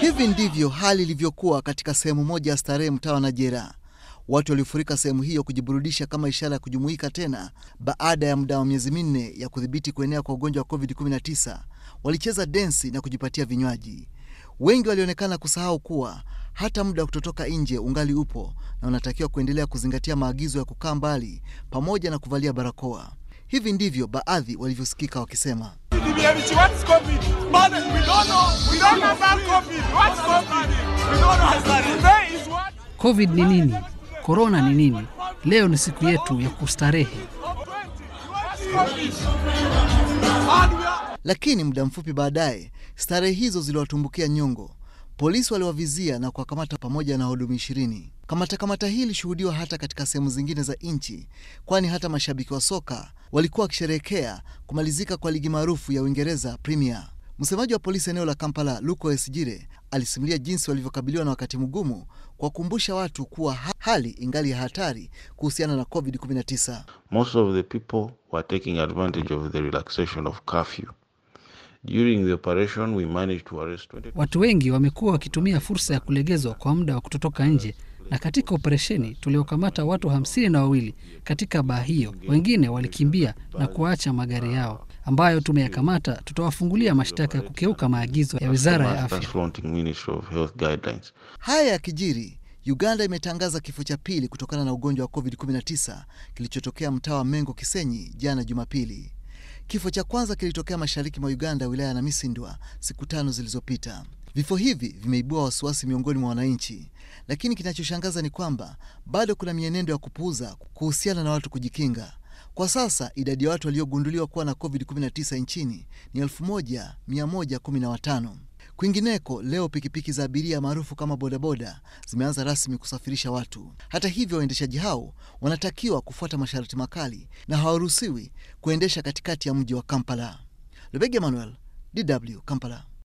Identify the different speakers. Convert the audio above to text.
Speaker 1: Hivi ndivyo hali ilivyokuwa katika sehemu moja ya starehe mtaa wa Najera. Watu waliofurika sehemu hiyo kujiburudisha kama ishara ya kujumuika tena baada ya muda wa miezi minne ya kudhibiti kuenea kwa ugonjwa wa COVID-19. Walicheza densi na kujipatia vinywaji. Wengi walionekana kusahau kuwa hata muda wa kutotoka nje ungali upo na unatakiwa kuendelea kuzingatia maagizo ya kukaa mbali pamoja na kuvalia barakoa. Hivi ndivyo baadhi walivyosikika wakisema. Covid ni nini? Korona ni nini? Leo ni siku yetu ya kustarehe. Lakini muda mfupi baadaye starehe hizo ziliwatumbukia nyongo. Polisi waliwavizia na kuwakamata pamoja na wahudumu ishirini. Kamatakamata hii ilishuhudiwa hata katika sehemu zingine za nchi, kwani hata mashabiki wa soka walikuwa wakisherehekea kumalizika kwa ligi maarufu ya Uingereza, Premier. Msemaji wa polisi eneo la Kampala, Luko Esjire, alisimulia jinsi walivyokabiliwa na wakati mgumu, kwa watu kuwa hali ingali ya hatari kuhusiana na COVID-19.
Speaker 2: Most of the people were taking advantage of the relaxation of curfew. During the operation, we managed to arrest 20...
Speaker 1: Watu
Speaker 3: wengi wamekuwa wakitumia fursa ya kulegezwa kwa muda wa kutotoka nje na katika operesheni tuliokamata watu hamsini na wawili katika baa hiyo. Wengine walikimbia na kuacha magari yao ambayo tumeyakamata. Tutawafungulia mashtaka ya kukeuka maagizo ya wizara ya
Speaker 2: afya.
Speaker 1: Haya kijiri Uganda imetangaza kifo cha pili kutokana na ugonjwa wa COVID-19 kilichotokea mtaa wa Mengo Kisenyi jana Jumapili. Kifo cha kwanza kilitokea mashariki mwa Uganda, wilaya ya Namisindwa siku tano zilizopita. Vifo hivi vimeibua wasiwasi miongoni mwa wananchi, lakini kinachoshangaza ni kwamba bado kuna mienendo ya kupuuza kuhusiana na watu kujikinga. Kwa sasa idadi ya watu waliogunduliwa kuwa na COVID-19 nchini ni 1115. Kwingineko leo pikipiki za abiria maarufu kama bodaboda zimeanza rasmi kusafirisha watu. Hata hivyo, waendeshaji hao wanatakiwa kufuata masharti makali na hawaruhusiwi kuendesha katikati ya mji wa Kampala. Lebege emmanuel DW, Kampala.